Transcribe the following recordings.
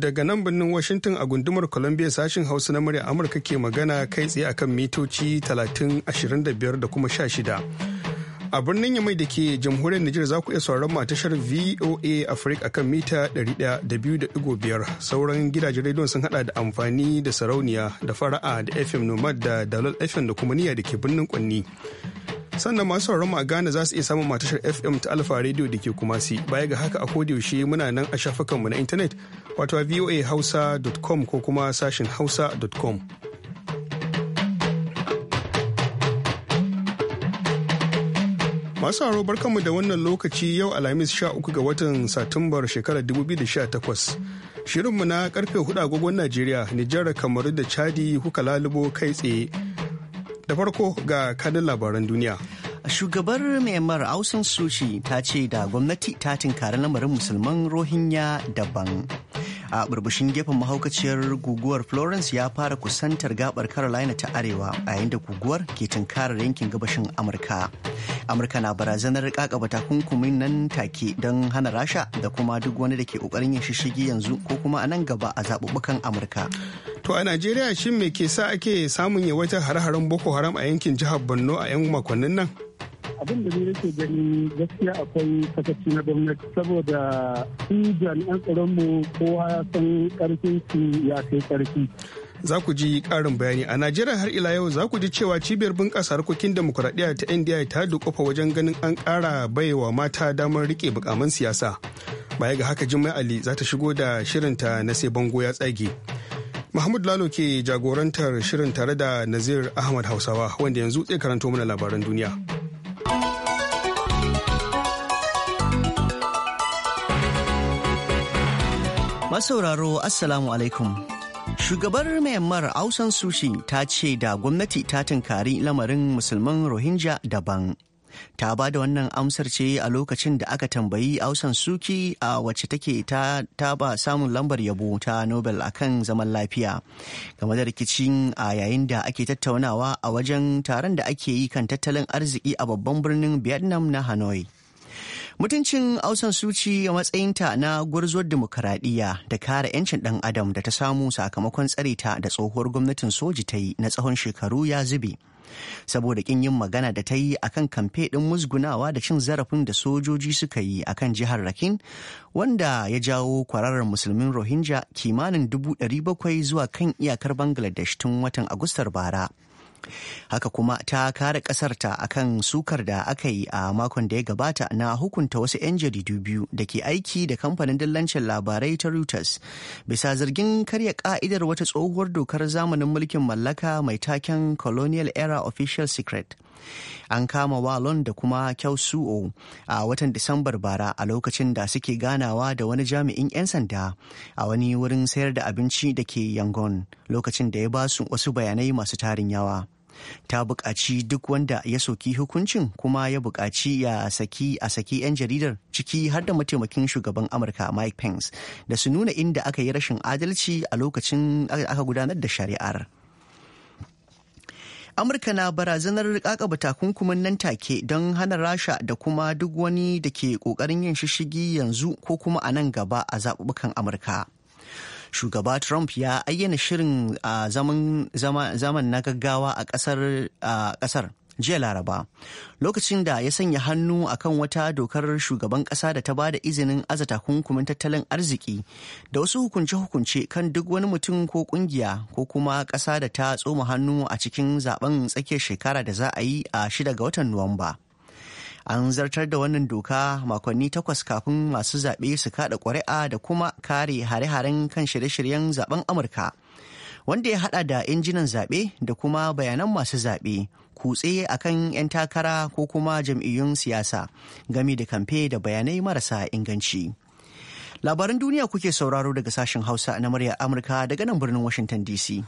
daga nan birnin Washington a gundumar Columbia sashin Hausa na murya Amurka ke magana kai tsaye akan mitoci 30, 25 da kuma 16. A birnin Yamai da ke jamhuriyar Nijar za ku iya sauraron ma tashar VOA Africa akan mita 100.5 sauran gidajen rediyon sun hada da amfani da sarauniya da fara'a da FM Nomad da Dalol FM da kuma niyya da ke birnin Kwanni. sannan masu sauraron a Ghana za su iya samun matashar FM ta Alfa Radio da ke Kumasi. Baya ga haka a yaushe muna nan a shafukanmu na intanet wato a voahausa.com ko kuma sashin hausa.com. Masu haro barkanmu da wannan lokaci yau Alhamis 13 ga watan Satumbar shekarar 2018. Shirinmu na karfe hudu agogon Najeriya, Nijar, Kamaru da Chadi kuka lalubo kai tsaye. Da farko ga kanin labaran duniya. Shugabar Myanmar Ausan Suci ta ce da gwamnati ta tinkari lamarin musulman Rohingya daban. A burbushin gefen mahaukaciyar guguwar Florence ya fara kusantar gabar Carolina ta Arewa a yayin da guguwar ke tinkarar yankin gabashin Amurka. Amurka na barazanar kakaba takunkumin nan take don hana rasha da kuma duk wani da ke kokarin yin shishigi yanzu ko kuma a nan gaba a zaɓuɓɓukan Amurka. To a Najeriya shin me ke sa ake samun yawaitar hare-haren Boko Haram a yankin jihar Borno a 'yan makonnin nan? abin da ni yake gani gaskiya akwai sakaci na gwamnati saboda su jami'an tsaronmu kowa ya san karfin su ya kai karfi za ku ji ƙarin bayani a najeriya har ila yau za ku ji cewa cibiyar bunƙasa harkokin demokuraɗiyya ta indiya ta dukufa wajen ganin an ƙara baiwa mata damar rike bukaman siyasa baya ga haka jimai ali za ta shigo da shirinta na sai bango ya tsage mahmud lalo ke jagorantar shirin tare da nazir ahmad hausawa wanda yanzu zai karanto mana labaran duniya. Masauraro Assalamu alaikum. Shugabar Myanmar Ausan Sushi ta ce da gwamnati ta tunkari lamarin musulman Rohingya daban. ta ba da wannan amsar ce a lokacin da aka tambayi ausan suki a wacce take ta ba samun lambar yabo ta nobel akan zaman lafiya game da rikicin a yayin da ake tattaunawa a wajen taron da ake yi kan tattalin arziki a babban birnin vietnam na hanoi mutuncin ausan suci a matsayinta na gwarzuwar demokaradiyya da kare 'yancin ɗan adam da ta samu sakamakon tsare ta da tsohuwar gwamnatin soji ta yi na tsawon shekaru ya zube saboda kin yin magana da ta yi akan kamfe ɗin musgunawa da cin zarafin da sojoji suka yi akan jihar Rakin, wanda ya jawo kwararar musulmin Rohingya kimanin 700 zuwa kan iyakar Bangladesh tun watan Agustar bara. haka kuma ta kare kasarta akan sukar da aka yi a makon da ya gabata na hukunta wasu 'yan jaridu biyu da ke aiki da kamfanin dillancin labarai ta reuters bisa zargin karya ka'idar wata tsohuwar dokar zamanin mulkin mallaka mai taken colonial era official secret an kama walon da kuma kyau su'o a watan disambar bara a lokacin da suke ganawa da wani jami'in 'yan sanda a wani wurin sayar da abinci da ke yangon lokacin da ya ba su wasu bayanai masu tarin yawa ta buƙaci duk wanda ya soki hukuncin kuma ya buƙaci ya saki a saki 'yan jaridar ciki har da mataimakin shugaban amurka mike pence da su nuna inda aka yi rashin adalci a lokacin aka gudanar da shari'ar. amurka na barazanar kakaba takunkumin nan take don hana rasha da kuma duk wani da ke kokarin yin shishigi yanzu ko kuma a nan gaba a zaɓuɓɓukan amurka shugaba trump ya ayyana shirin a ah, zaman na gaggawa a ƙasar ah, jiya laraba lokacin da ya sanya hannu akan wata dokar shugaban kasa da ta bada izinin aza takunkumin tattalin arziki da wasu hukunce-hukunce kan duk wani mutum ko kungiya ko kuma kasa da ta tsoma hannu a cikin zaben tsakiyar shekara da za a yi a shida ga watan nuwamba an zartar da wannan doka makonni takwas kafin masu zaɓe su kaɗa ƙuri'a da kuma kare hare-haren kan shirye-shiryen zaben amurka wanda ya hada da injinan zaɓe da kuma bayanan masu zaɓe kutse a kan 'yan takara ko kuma jam'iyyun siyasa game da kamfe da bayanai marasa inganci. Labaran duniya kuke sauraro daga sashen Hausa na murya Amurka daga nan birnin Washington DC.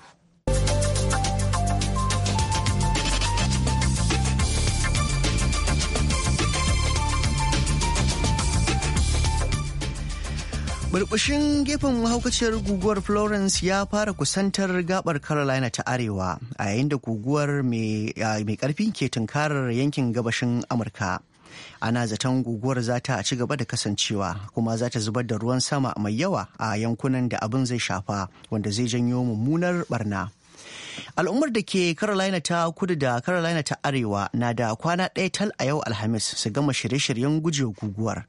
Burbushin gefen mahaukaciyar guguwar Florence ya fara kusantar gabar Carolina ta Arewa a yayin da guguwar mai karfi ke tunkarar yankin gabashin Amurka. Ana zaton guguwar za ta ci gaba da kasancewa kuma za ta zubar da ruwan sama mai yawa a yankunan da abin zai shafa wanda zai janyo mummunar barna. Al'ummar da ke Carolina ta kudu da Carolina ta arewa na da kwana ɗaya tal a yau Alhamis su gama shirye-shiryen guje guguwar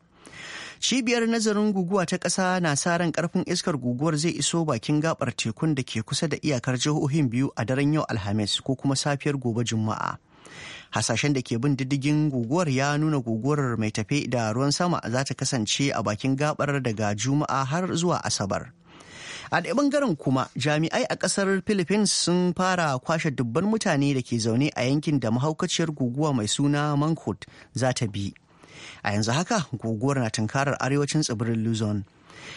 Cibiyar nazarin guguwa ta ƙasa na sa ran ƙarfin iskar guguwar zai iso bakin gabar tekun da ke kusa da iyakar jihohin biyu a daren yau Alhamis ko kuma safiyar gobe Juma'a. Hasashen da ke bin diddigin guguwar ya nuna guguwar mai tafe da ruwan sama za ta kasance a bakin gabar daga Juma'a har zuwa Asabar. a ɗaya bangaren kuma jami'ai a ƙasar philippines sun fara kwashe dubban mutane da ke zaune a yankin da mahaukaciyar guguwa mai suna manhut za ta bi a yanzu haka guguwar na tunkarar arewacin tsibirin luzon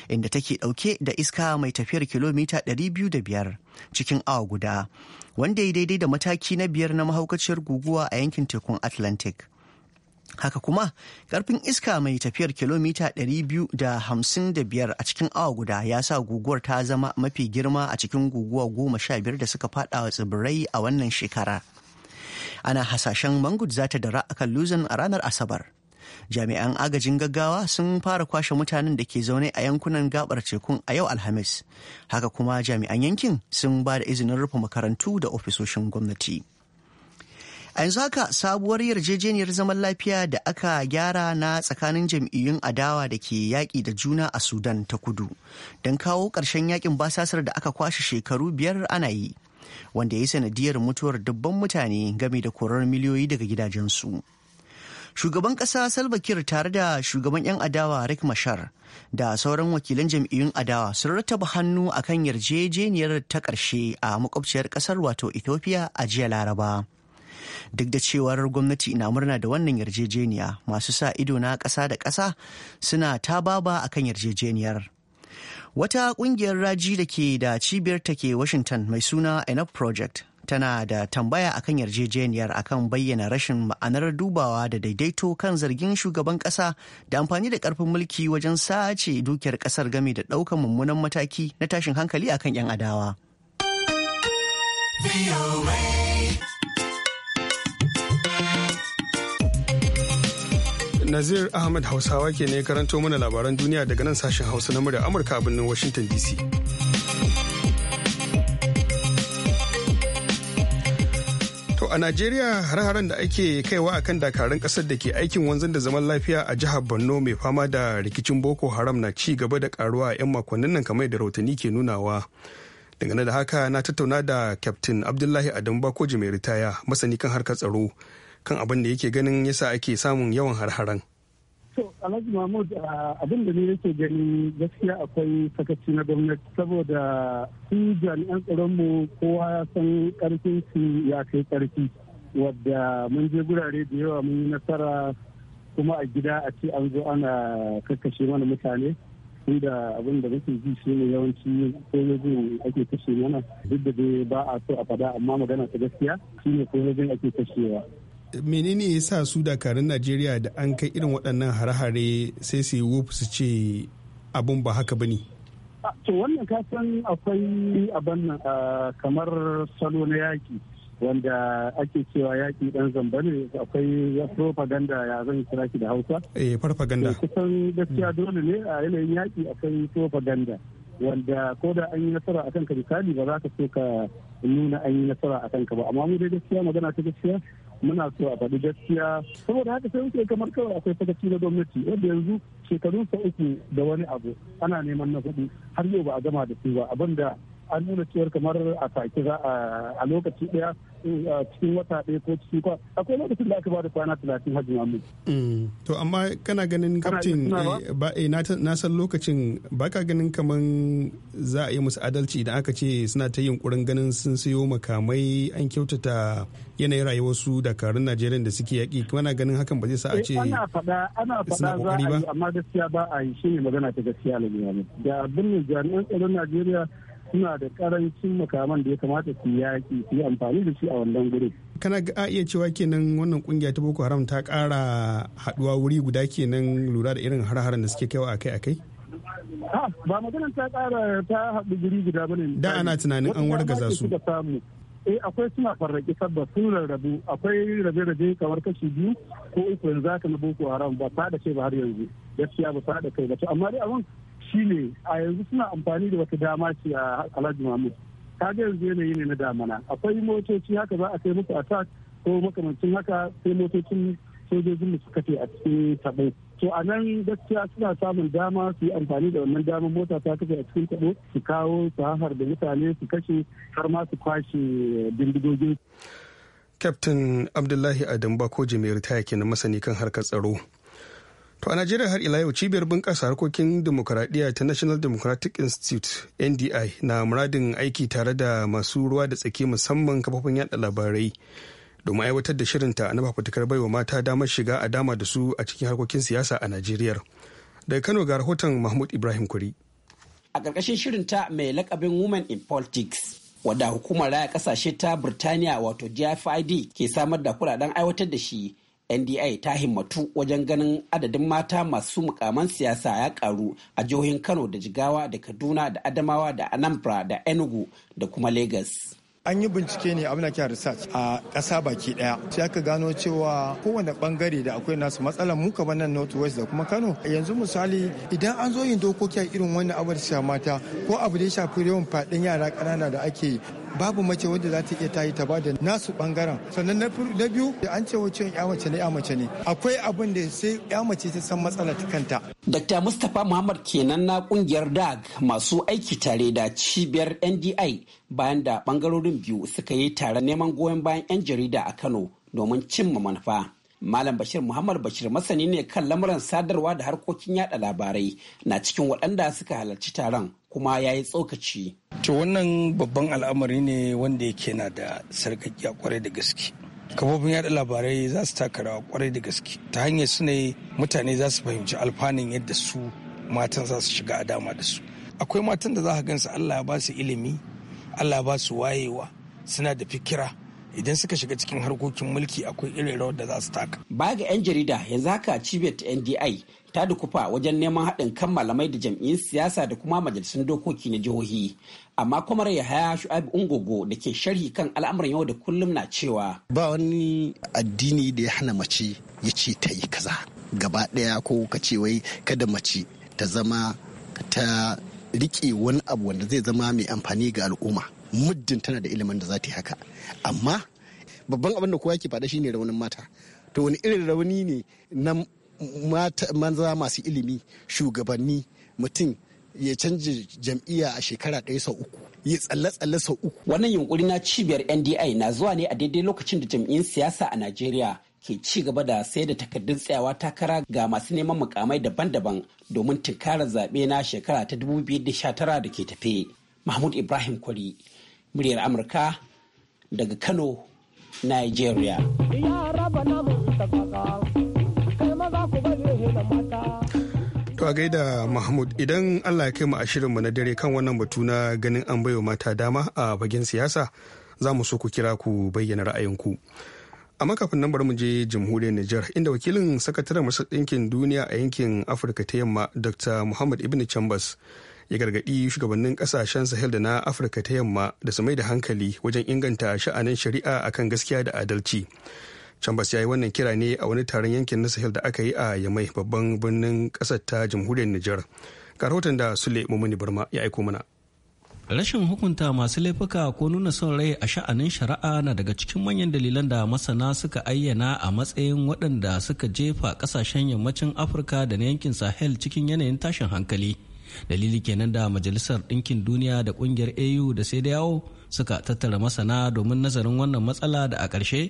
inda take dauke da iska mai tafiyar kilomita 205 cikin awa guda wanda ya daidai da mataki na biyar na mahaukaciyar guguwa a yankin tekun atlantic haka kuma karfin iska mai tafiyar kilomita 255 a cikin awa guda ya sa guguwar ta zama mafi girma a cikin guguwa goma sha biyar da suka fada wa tsibirai a wannan shekara ana hasashen mangud za ta dara akan luzon a ranar asabar jami'an agajin gaggawa sun fara kwashe mutanen da ke zaune a yankunan gabar tekun a yau alhamis haka kuma jami'an yankin sun ba da izinin rufe makarantu da ofisoshin gwamnati a yanzu haka sabuwar yarjejeniyar zaman lafiya da aka gyara na tsakanin jam'iyyun adawa da ke yaƙi da juna a sudan ta kudu don kawo ƙarshen yakin basasar da aka kwashe shekaru biyar ana yi wanda ya yi sanadiyar mutuwar dubban mutane game da korar miliyoyi daga gidajensu. shugaban ƙasa salva kiir tare da shugaban 'yan adawa rick mashar da sauran wakilan jam'iyyun adawa sun rattaba hannu akan yarjejeniyar ta ƙarshe a makwabciyar ƙasar wato ethiopia a jiya laraba duk da cewar gwamnati na murna da wannan yarjejeniya masu sa ido na ƙasa da ƙasa suna ta baba akan yarjejeniyar wata ƙungiyar raji da ke da cibiyar ke washington mai suna enough project tana da tambaya akan yarjejeniyar akan bayyana rashin ma'anar dubawa da daidaito kan zargin shugaban kasa da amfani da karfin mulki wajen sace dukiyar kasar game da daukan mummunan mataki na tashin hankali akan 'yan adawa. Nazir ahmed Hausawa ke ne karanto mana labaran duniya daga nan sashen Hausa na murya Amurka a birnin Washington DC. To a Najeriya har-haren da ake kaiwa a kan dakarun kasar da ke aikin wanzan da zaman lafiya a jihar Borno mai fama da rikicin Boko Haram na ci gaba da karuwa a 'yan makonnin nan kamar da rautani ke nunawa. Dangane da haka na tattauna da Captain Abdullahi Adamu Bakoji mai ritaya masani kan harkar tsaro kan abin da yake ganin yasa ake samun yawan har-haren. To Alhaji Mahmud abin da ne yake gani gaskiya akwai sakaci na gwamnati saboda su jami'an tsaronmu kowa ya san karfin su ya kai karfi wadda mun je gurare da yawa mun yi nasara kuma a gida a ce an zo ana kakkashe mana mutane inda abin da muke ji shi ne yawanci sojojin ake kashe mana duk da dai ba a so a faɗa amma magana ta gaskiya shine sojojin ake kashewa menene ya sa su dakarun najeriya da an kai irin waɗannan hare-hare sai su yi su ce abun ba haka ba ne ah, to wannan kasan akwai abin ah, kamar salo na yaƙi, wanda ake cewa yaƙi ɗan zamba ne akwai propaganda ya zan kira shi da hausa eh propaganda kusan gaskiya mm. dole ne a yanayin yaƙi akwai propaganda wanda ko da an yi nasara akan ka misali ba za ka so ka nuna an yi nasara akan ka ba amma mu dai gaskiya magana ta gaskiya muna so a faɗi gaskiya saboda haka sai wuce kamar kawai akwai sakaci na gwamnati wanda yanzu shekarun sa uku da wani abu ana neman na kuɗi har yau ba a gama da su ba abinda an nuna cewar kamar a sake za a lokaci daya cikin wata ɗaya ko cikin kwa akwai lokacin da aka ba da kwana talatin hajji mamu. Mm. to amma kana ganin kaftin eh, eh, na san lokacin ba ka ganin kamar za a yi musu adalci idan aka ce suna ta yunkurin ganin sun siyo makamai an kyautata yanayin rayuwarsu da karin najeriya da suke yaƙi kana ganin hakan ba zai sa a ce eh, ana faɗa ana faɗa za a yi amma gaskiya ba a yi shi magana ta gaskiya da abin ne jami'an tsaron najeriya suna da karancin makaman da ya kamata su yaƙi su yi amfani da shi a wannan gurin. kana ga iya cewa kenan wannan kungiya ta boko haram ta kara haɗuwa wuri guda kenan lura da irin har da suke kawo akai-akai ba maganin ta ƙara ta haɗu guri guda bane da ana tunanin an wargaza su eh akwai suna farraki sabba sun rarrabu akwai rabe-rabe kamar kashi biyu ko uku yanzu haka na boko haram ba ta ce ba har yanzu gaskiya ba ta da kai ba amma dai abun. shine a yanzu suna amfani da wata dama ce a alhaji mahmud ga yanzu yanayi ne na damana akwai motoci haka za a kai musu attack ko makamancin haka sai motocin sojojin mu suka a cikin tabo to a nan gaskiya suna samun dama su yi amfani da wannan damar mota ta kafe a cikin tabo su kawo su hafar da mutane su kashe har ma su kwashe bindigogin Captain Abdullahi Adam Bako Jimiyar ta yake na masani kan harkar tsaro. To a Najeriya har ila yau cibiyar bunƙasa harkokin demokuraɗiyya ta National Democratic Institute NDI na muradin aiki tare da masu ruwa da tsaki musamman kafofin yada labarai domin aiwatar da shirinta na fafutukar baiwa mata damar shiga a dama da su a cikin harkokin siyasa a Najeriya. Daga Kano ga rahoton Mahmud Ibrahim Kuri. A ƙarƙashin shirinta mai lakabin Women in Politics, wadda hukumar raya kasashe ta Birtaniya wato GFID ke samar da kuɗaɗen aiwatar da shi NDI ta himmatu wajen ganin adadin mata masu mukaman siyasa ya karu a jihohin Kano da Jigawa da Kaduna da Adamawa da Anambra da Enugu da kuma Lagos. an yi bincike ne abin da ke research a ƙasa baki ɗaya sai aka gano cewa kowane ɓangare da akwai nasu matsalar mu kamar nan north west da kuma kano yanzu misali idan an zo yin dokoki a irin wannan abu da mata ko abu da ya shafi yawan faɗin yara ƙanana da ake babu mace wadda za ta iya tayi ta ba da nasu bangaren sannan na biyu da an ce wacce ya mace ne ya mace ne akwai abin da sai ya mace ta san matsala ta kanta Dr. Mustapha Muhammad kenan na kungiyar DAG masu aiki tare da cibiyar NDI bayan da bangarorin biyu suka yi tare neman goyon bayan 'yan jarida a Kano domin cimma manufa. Malam Bashir Muhammad Bashir masani ne kan lamuran sadarwa da harkokin yada labarai na cikin waɗanda suka halarci taron kuma ya yi tsokaci. To wannan babban al'amari ne wanda yake na da sarƙaƙiya kwarai da gaske. kafofin yada labarai za su taka rawa kwarai da gaske ta hanyar su ne mutane za su fahimci alfanun yadda su matan za su shiga a dama da su akwai matan da za ka gansu allah ya ba su ilimi allah ya ba su wayewa suna da fikira idan suka shiga cikin harkokin mulki akwai irin rawar da za su taka. Baya ga 'yan jarida yanzu haka cibiyar NDI ta dukufa wajen neman haɗin kan malamai da jam'iyyun siyasa da kuma majalisun dokoki na jihohi. Amma kwamar Yahaya Shu'abi Ungogo da ke sharhi kan al'amuran yau da kullum na cewa. Ba wani addini da ya hana mace ya ce ta yi kaza gaba ɗaya ko ka ce wai kada mace ta zama ta riƙe wani abu wanda zai zama mai amfani ga al'umma. muddin tana da ilimin da za ta yi haka amma babban abin da kowa yake faɗa shine raunin mata to wani irin rauni ne na manza masu ilimi shugabanni mutum ya canza jam'iyya a shekara ɗaya sau uku ya tsalle-tsalle sau uku. Wannan yunkuri na cibiyar NDI na zuwa ne a daidai lokacin da jam'iyyar siyasa a Najeriya ke ci gaba da sayar da takardun tsayawa takara ga masu neman mukamai daban-daban domin tunkarar zaɓe na shekara ta 2019 da ke tafe. Mahmud Ibrahim Kwari, muryar amurka daga kano nigeria To a gaida Mahmud idan Allah ya kai mu a shirinmu na dare kan wannan batu na ganin an baiwa mata dama a bagen siyasa za mu so ku kira ku bayyana ra'ayinku. A makafin nan bari mu je jamhuriyar Nijar inda wakilin sakataren masu Ɗinkin Duniya a yankin Afirka ta Yamma Dr. Muhammad Ibn Chambers ya gargaɗi shugabannin ƙasashen sahel da na afirka ta yamma da su mai da hankali wajen inganta sha'anin shari'a akan gaskiya da adalci chambers ya yi wannan kira ne a wani taron yankin na sahel da aka yi a yamai babban birnin ƙasar ta jamhuriyar nijar ga rahoton da sule mumuni burma ya aiko mana rashin hukunta masu laifuka ko nuna son rai a sha'anin shari'a na daga cikin manyan dalilan da masana suka ayyana a matsayin waɗanda suka jefa ƙasashen yammacin afirka da na yankin sahel cikin yanayin tashin hankali dalili kenan da majalisar ɗinkin duniya da ƙungiyar au da sai da yawo suka tattara masana domin nazarin wannan matsala da a ƙarshe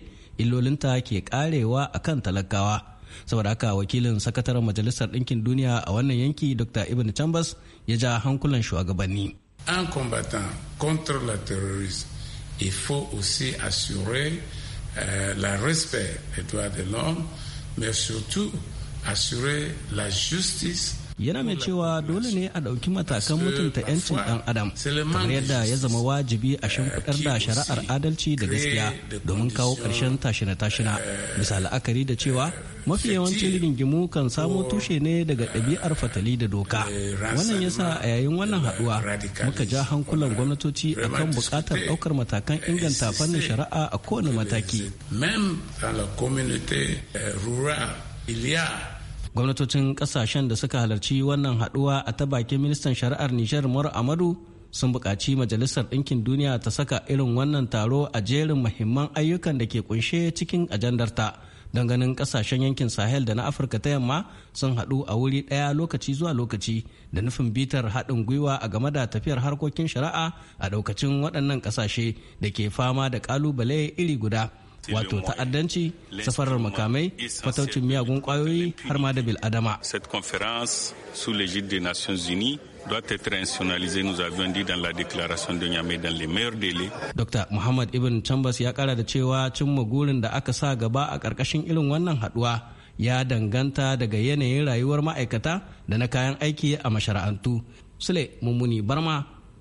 illolinta ke ƙarewa a kan talakawa saboda haka wakilin sakataren majalisar ɗinkin duniya a wannan yanki dr ibn chambers ya ja hankulan shugabanni en combattant contre la terrorisme il faut aussi assurer euh, le respect des droits de l'homme mais surtout assurer la justice yana mai cewa dole ne a ɗauki matakan mutunta 'yancin ɗan adam kamar yadda ya zama wajibi a shimfiɗar da shari'ar adalci da gaskiya domin kawo ƙarshen tashina-tashina bisa la'akari da cewa mafi yawancin rigingimu kan samo tushe ne daga ɗabi'ar fatali da doka wannan yasa a yayin wannan haɗuwa muka ja hankulan gwamnatoci a kan buƙatar ɗaukar matakan inganta fannin shari'a a kowane mataki. gwamnatocin kasashen da suka halarci wannan haduwa a ta bakin ministan shari'ar nijar mura amadu sun bukaci majalisar ɗinkin duniya ta saka irin wannan taro a jerin mahimman ayyukan da ke kunshe cikin ajandarta don ganin kasashen yankin sahel da na afirka ta yamma sun haɗu a wuri ɗaya lokaci zuwa lokaci da nufin bitar haɗin gwiwa a game da tafiyar harkokin shari'a a daukacin waɗannan ƙasashe da ke fama da ƙalubale iri guda wato ta'addanci safarar makamai fataucin miyagun kwayoyi har ma da bil'adama. doit être institutionnalisé nous avions la déclaration de Niamey dans les meilleurs délais. Dr. Muhammad Ibn Chambas ya kara da cewa cimma gurin da aka sa gaba a karkashin irin wannan haduwa ya danganta daga yanayin rayuwar ma'aikata da na kayan aiki a mashara'antu. Sule Mummuni Barma,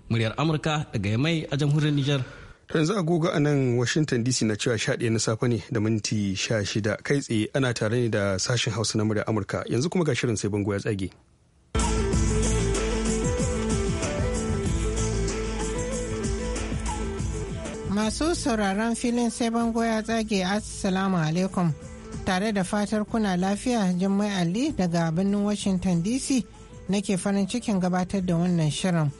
muryar Amurka daga Yamai a jamhuriyar Nijar. To yanzu agogo a nan Washington DC na cewa sha ɗaya na safe ne da minti sha shida kai tsaye ana tare ne da sashen Hausa na murya Amurka yanzu kuma ga shirin sai bango ya tsage. Masu sauraron filin sai bango ya tsage Assalamu alaikum tare da fatar kuna lafiya Jummai Ali daga birnin Washington DC nake farin cikin gabatar da wannan shirin.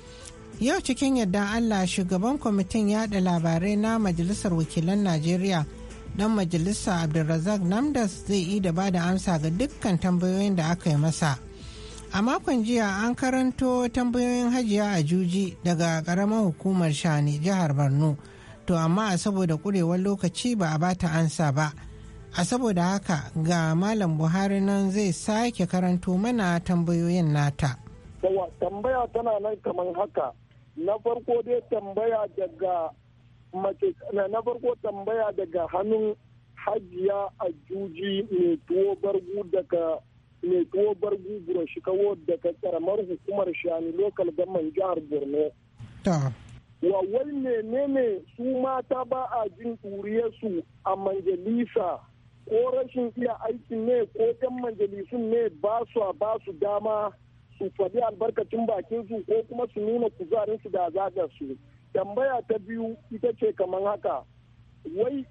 Yau cikin yadda Allah shugaban kwamitin yada labarai na Majalisar Wakilan Najeriya dan majalisa Abdulrazak Namdas zai yi da bada amsa ga dukkan tambayoyin da aka yi masa. A makon jiya an karanto tambayoyin hajiya a juji daga karamar hukumar Shani jihar Borno. To amma a saboda kurewar lokaci ba a bata ansa ba. A saboda haka ga Malam Buhari nan zai sake karanto mana tambayoyin nata. tambaya tana nan kamar haka na farko dai tambaya daga mace na farko tambaya daga hannun hajiya a juji mai tuwo bargu daga mai tuwo bargu kawo daga karamar hukumar shani lokal gaman jihar borno wa wai menene su mata ba a jin su a manjalisa ko rashin iya aikin ne ko 'yan majalisun ne ba su ba su dama su faɗi albarkacin bakin su ko kuma su nuna kuzarin su da zagar su tambaya ta biyu ita ce kamar haka wai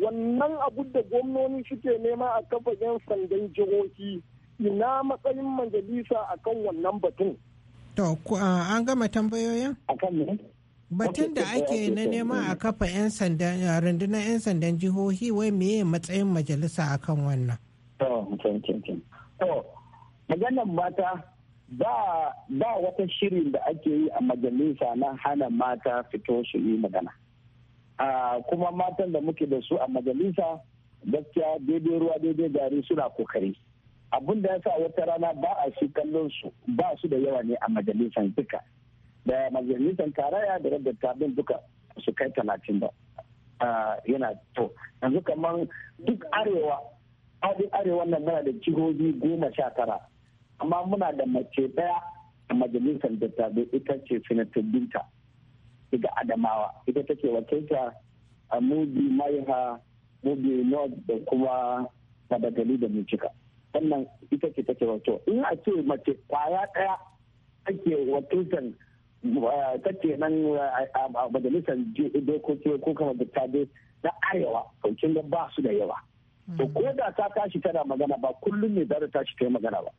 wannan abu da gwamnoni suke nema a kafa yan sandan jihohi ina matsayin majalisa akan wannan batun to an gama tambayoyin akan ne batun da ake na nema a kafa yan sandan rundunar yan sandan jihohi wai meye matsayin majalisa akan wannan to maganar mata ba ba wata shirin da ake yi a majalisa na hana mata fito su yi magana kuma matan da muke da su a majalisa gaskiya daidai ruwa daidai gari suna kokari abin da ya sa wata rana ba a shi kallon su ba su da yawa ne a majalisan duka da majalisan taraya da rabin tabin duka su kai talatin ba yana to yanzu kamar duk arewa adin arewa nan mana da jihohi goma sha tara amma muna da mace ɗaya a majalisar dattabai ita ce sanatar binta daga adamawa ita take wakilta a mubi ha mubi north da kuma madagali da mucika wannan ita ce take wato in a ce mace kwaya ɗaya ake wakiltar eh, take nan eh, a majalisar dokoki ko kuma dattabai na arewa to kin ba su da yawa to hmm. ko da ta tashi tana magana ba kullum ne za ta tashi ta yi magana ba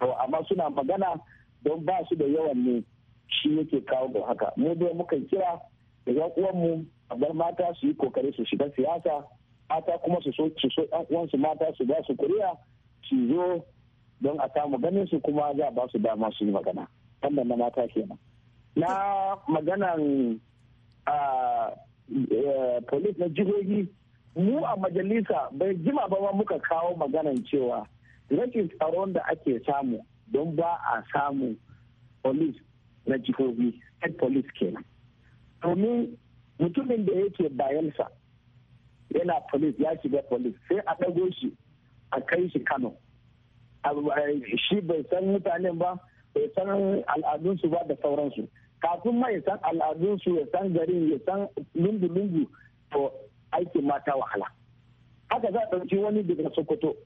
to amma suna magana don ba su da yawan ne shi yake kawo da haka mu dai muka kira da yan uwanmu a bar mata su yi kokari su shiga siyasa mata kuma su so su so yan uwansu mata su ba su kuriya su zo don a samu ganin su kuma za ba su dama su yi magana wannan na mata kenan na maganan eh, police na jihohi mu a majalisa bai jima ba ma muka kawo maganan cewa rashin tsaron da ake samu don ba a samu police na jihohi state police kenan domin mutumin da yake bayansa yana police ya shiga police sai a ɗago shi a kai shi kano eh, shi bai san mutanen ba bai san al'adunsu ba da sauransu kafin ma ya san al'adunsu ya san garin ya san lungu-lungu to aiki mata wahala haka za a ɗauki wani daga sokoto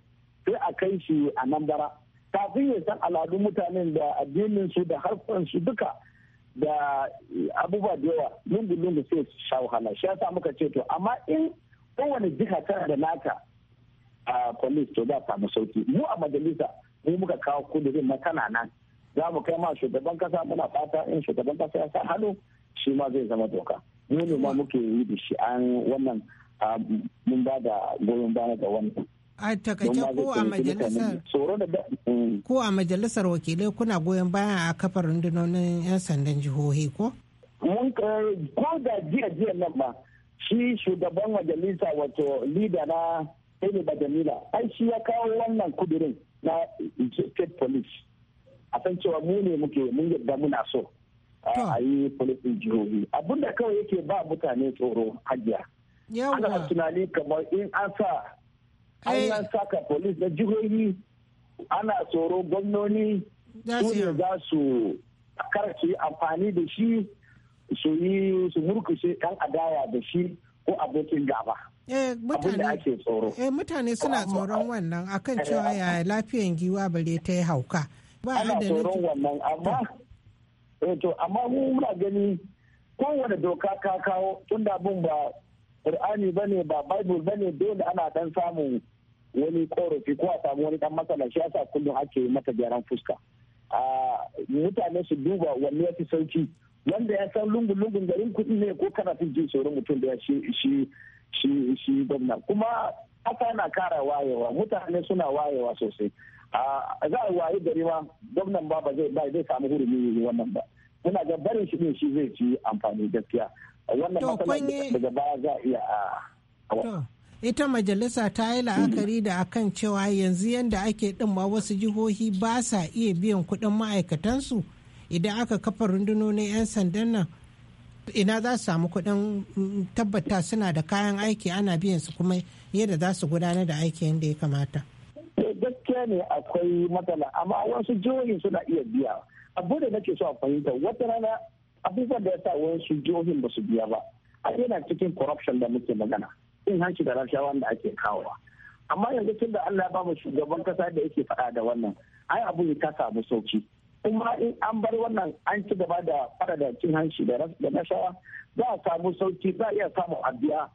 sai a kai shi a nan bara kafin ya san al'adun mutanen da addinin su da harkar su duka da abubuwa da yawa lungu lungu sai su sha wahala shi yasa muka ce to amma in kowane jiha tana da nata a police to za samu sauki mu a majalisa mu muka kawo kudurin na nan za mu kai ma shugaban kasa muna fata in shugaban kasa ya sa hannu shi ma zai zama doka mu ne ma muke yi da shi an wannan mun ba da goyon baya ga wannan a takaice ko a majalisar mm. ko a majalisar wakilai kuna goyon baya a kafar rundunonin 'yan sandan jihohi ko? mun ko da jiya jiya nan ba shi shugaban majalisa wato lida na Ene Bajamila ai shi ya kawo wannan kudirin na state police a san cewa mu ne muke mun yadda muna so a yi police jihohi abinda kawai yake ba mutane tsoro hajiya ana tunani kamar in an sa an saka polis da jihohi ana tsoro gwamnoni su ne za su karci amfani da shi su yi su murkushe kan adaya da shi ko abokin gaba. Eh, eh mutane suna tsoron wannan akan cewa eh. ya lafiyan giwa bare ta yi hauka. Ba ana tsoron wannan amma eh to amma mu muna gani kowane doka ka kawo tunda abin ba qur'ani ne ba bible ne dole ana dan samun wani korafi ko a samu wani dan matsala shi yasa kullum ake mata gyaran fuska mutane su duba wanne ya fi sauki wanda ya san lungun-lungun garin kuɗi ne ko fi jin tsoron mutum da ya shi shi shi gwamna kuma haka na kara wayewa mutane suna wayewa sosai a za a wayi gari ma gwamnan ba ba zai samu hurumi wannan ba muna ga barin shi ne shi zai ci amfani gaskiya ita majalisa ta yi la'akari da akan cewa yanzu yadda ake dinma wasu jihohi ba sa iya biyan kuɗin ma'aikatansu idan aka kafa rundunonin 'yan sandan nan ina za su samu kuɗin mm, tabbata suna da kayan aiki ana biyan su kuma yadda za su gudanar da aiki yadda ya kamata. gaskiya ne akwai matsala amma wasu jihohi suna iya biya abu da nake so a fahimta wata rana abubuwan da ya sa wasu jihohin ba su biya ba a yana cikin corruption da muke magana in hanci da rashawa da ake kawowa amma yanzu tun da Allah ya ba mu shugaban kasa da yake faɗa da wannan ai abu ne ta samu sauki kuma in an bar wannan an ci gaba da fara da cin hanci da rashawa za a samu sauki za a iya samun abiya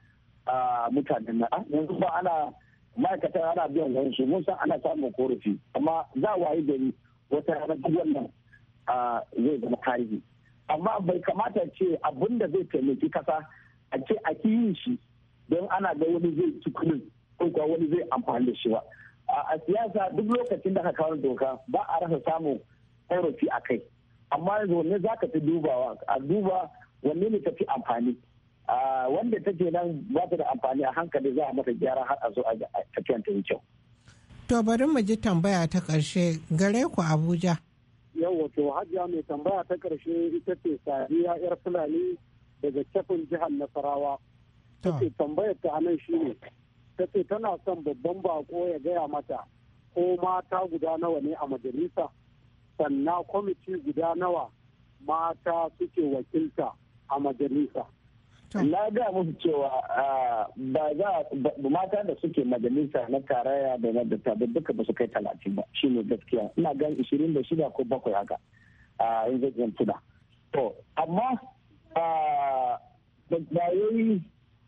a mutanen na ah, yanzu ba ana ma'aikata ana biyan wansu mun san ana samun korafi amma za a wayi gari wata ranar wannan zai zama tarihi amma bai kamata ce abin da zai taimaki kasa a ce a yin shi don ana ga wani zai ci kudin ko kuwa wani zai amfani da shi ba a siyasa duk lokacin da ka kawo doka ba a rasa samun ƙorafi a kai amma yanzu wanne za ka fi dubawa a duba wanne ne ta fi amfani wanda take nan ba ta da amfani a hankali za a mata gyara har a zo a tafiyan ta yi kyau. to bari mu ji tambaya ta ƙarshe gare ku abuja. yau wato hajiya mai tambaya ta karshe ita ce sadiya yar fulani daga cefin jihar nasarawa ta ce tambayar ta anan ne ta ce tana son babban bako ya gaya mata ko mata guda nawa ne a majalisa sannan kwamiti guda nawa mata suke wakilta a majalisa na ga musu cewa ba za mata da suke majalisa na karaya da na tabi duka ba su kai talatin ba shi ne gaskiya ina gan ishirin da shida ko bakwai haka a yanzu zan tuna to amma da bayoyi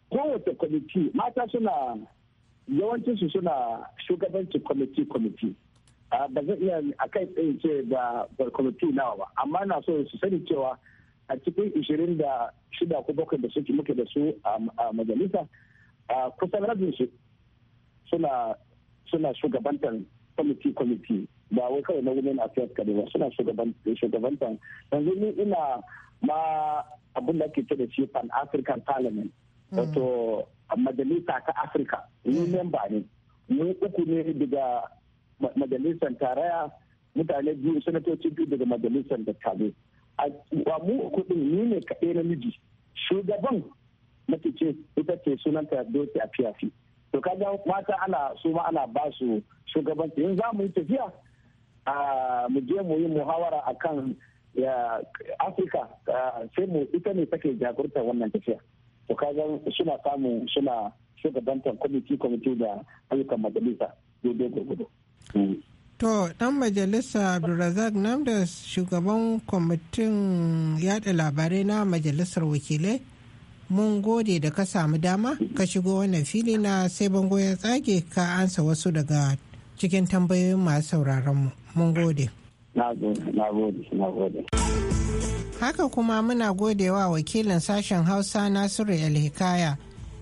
kowace kwamiti mata suna yawancinsu suna shugabancin kwamiti kwamiti ba zan iya a kai tsaye ce da kwamiti nawa ba amma na so su sani cewa a cikin ishirin da shida ko bakwai da suke muke da su a majalisa a kusan rabin su suna suna shugabantar kwamiti kwamiti ba wai kawai na women affairs kare ba suna shugabantar yanzu ni ina ma abin da ake ce da shi pan african parliament hmm. wato majalisa ta afirka ni hmm. memba ne mu uku ne daga majalisar tarayya mutane biyu sanatoci biyu daga majalisar dattabai a mu kudin ni ne kaɗai na miji shugaban mace ce ita ce sunanta doki a fiyafi to kaga mata ana su ma ana ba su shugabanci in za mu yi tafiya mu je mu yi muhawara kan afirka sai mu ita ne take jagorta wannan tafiya to kaga suna samu suna shugabantar kwamiti kwamiti da ayyukan majalisa daidai gurgudu To, ɗan majalisa Abdulrazak Namdas shugaban kwamitin yada labarai na majalisar wakilai, mun gode da ka samu dama ka shigo wannan fili na sai bango ya tsage ka ansa wasu daga cikin tambayoyin masu sauraronmu. Mun gode. Na gode, Haka kuma muna gode wa wakilin sashen Hausa Nasiru El Hikaya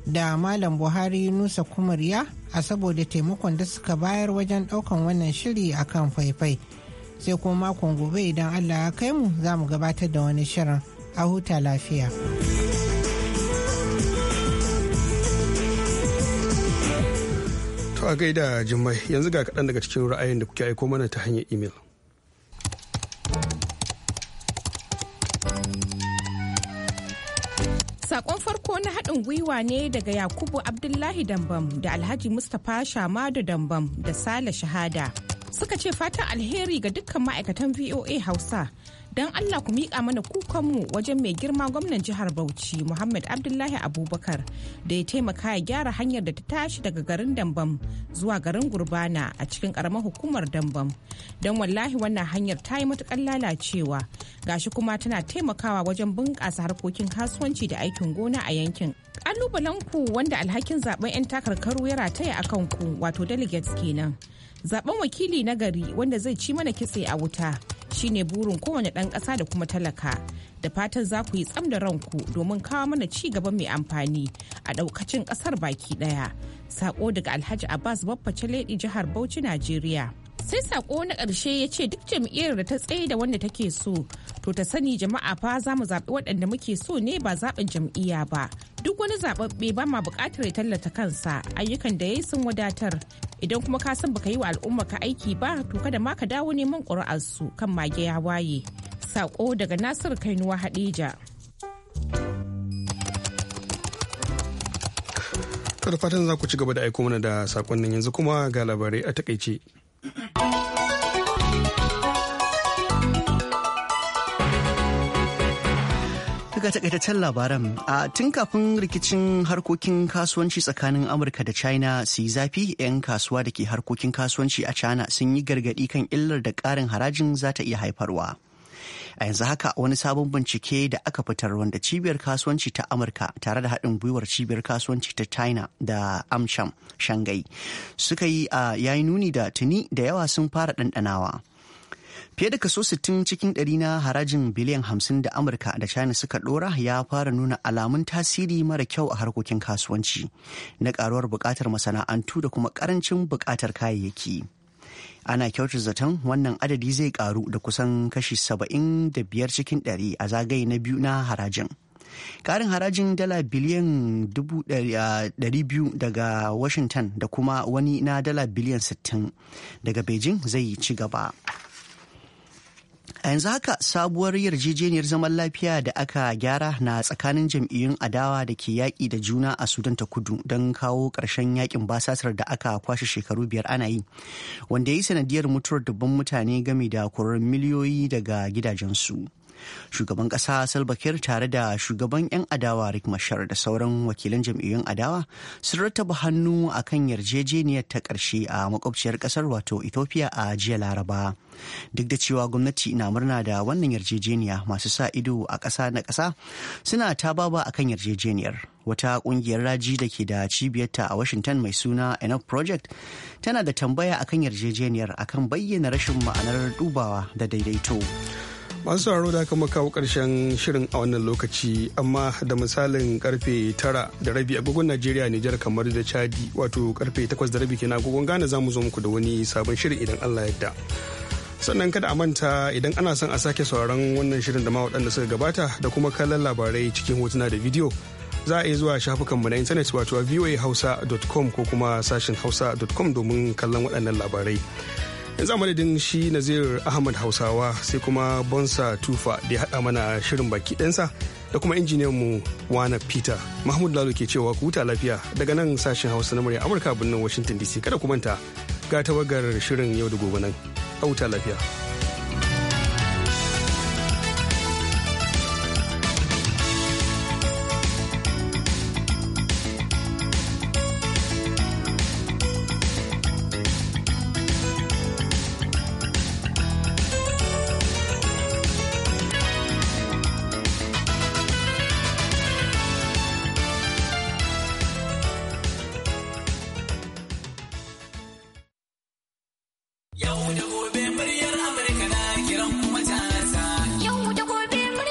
da Malam Buhari Nusa Kumariya a saboda taimakon da suka bayar wajen ɗaukan wannan shiri a kan faifai. Sai kuma makon gobe idan Allah ya kai mu za mu gabatar da wani shirin a huta lafiya. To a gaida Jummai yanzu ga kaɗan daga cikin ra'ayin da kuke aiko mana ta hanyar imel. haɗin gwiwa ne daga Yakubu Abdullahi Dambam da Alhaji Mustapha Shamadu Dambam da Sale Shahada. Suka ce fatan alheri ga dukkan ma'aikatan VOA Hausa don Allah ku miƙa mana kukanmu wajen mai girma gwamnan jihar Bauchi Muhammad Abdullahi Abubakar da ya taimaka ya gyara hanyar da ta tashi daga garin Dambam zuwa garin Gurbana a cikin ƙaramar hukumar Dambam. Don wallahi wannan hanyar ta yi matuƙar lalacewa gashi kuma tana taimakawa wajen bunƙasa harkokin kasuwanci da aikin gona a yankin. Ƙalubalen ku wanda alhakin zaɓen 'yan takarkaru ya rataya akan ku, wato delegates kenan. zaɓen wakili na gari wanda zai ci mana kitse a wuta shine burin kowane ɗan ƙasa da kuma talaka da fatan za ku yi tsam da ranku domin kawo mana ci gaba mai amfani a ɗaukacin ƙasar baki ɗaya sako daga alhaji abbas baffa Chaleɗi jihar bauchi najeriya sai sako na ƙarshe ya ce duk jam'iyyar da ta tsaye da wanda take so to ta sani jama'a fa za mu zaɓi waɗanda muke so ne ba zaɓin jam'iyya ba duk wani zaɓaɓɓe ba ma buƙatar ya tallata kansa ayyukan da ya sun wadatar idan kuma ka san baka yi wa al'umma ka aiki ba to kada ma ka dawo neman ƙuri'arsu kan mage ya waye sako daga nasiru kainuwa hadija to da fatan za ku ci gaba da aiko mana da sakonnin yanzu kuma ga labarai a takaice Daga takaitaccen labaran a tun kafin rikicin harkokin kasuwanci tsakanin Amurka da China su yi zafi 'yan kasuwa da ke harkokin kasuwanci a China sun yi gargaɗi kan illar da ƙarin harajin za ta iya haifarwa. A yanzu haka wani sabon bincike da aka fitar wanda cibiyar kasuwanci ta Amurka tare da haɗin gwiwar cibiyar kasuwanci ta China da Amsham Shanghai suka yi a yayi nuni da tuni da yawa sun fara ɗanɗanawa. fiye da kaso 60 cikin ɗari na harajin biliyan 50 da amurka da china suka ɗora ya fara nuna alamun tasiri mara kyau a harkokin kasuwanci na ƙaruwar buƙatar masana'antu da kuma ƙarancin buƙatar kayayyaki. ana kyautar zaton wannan adadi zai karu da kusan kashi saba'in da biyar cikin ɗari a zagaye na biyu na harajin karin harajin dala biliyan biyu daga washington da kuma wani na dala biliyan sittin daga beijing zai ci gaba a yanzu haka sabuwar yarjejeniyar zaman lafiya da aka gyara na tsakanin jam'iyyun adawa da ke yaƙi da juna a sudan ta kudu don kawo ƙarshen yaƙin basasar da aka kwashe shekaru biyar ana yi wanda ya yi sanadiyar mutuwar dubban mutane game da korar miliyoyi daga gidajensu. shugaban ƙasa salva kiir tare da shugaban 'yan adawa rick mashar da sauran wakilan jam'iyyun adawa sun rattaba hannu a kan yarjejeniyar ta ƙarshe a makwabciyar ƙasar wato ethiopia a jiya laraba duk da cewa gwamnati na murna da wannan yarjejeniya masu sa ido a ƙasa na ƙasa suna ta baba akan yarjejeniyar wata kungiyar raji da ke da cibiyarta a washington mai suna enough project tana da tambaya akan yarjejeniyar akan bayyana rashin ma'anar dubawa da daidaito masu sauraro da aka makawo karshen shirin a wannan lokaci amma da misalin karfe tara da rabi agogon najeriya nijar kamar da chadi wato karfe takwas da rabi kenan agogon ghana za mu zo muku da wani sabon shirin idan allah yadda sannan kada a manta idan ana son a sake sauraron wannan shirin da ma waɗanda suka gabata da kuma kallon labarai cikin hotuna da bidiyo za a iya zuwa shafukanmu na intanet wato voahausa.com ko kuma sashin hausa.com domin kallon waɗannan labarai yanzu madadin shi nazir ahmad hausawa sai kuma bonsa tufa da ya haɗa mana shirin baki ɗansa da kuma mu wana peter mahmud lalo ke cewa ku huta lafiya daga nan sashen hausa na murya amurka birnin washington dc kada ku manta ga tawagar shirin yau da gobe nan a huta lafiya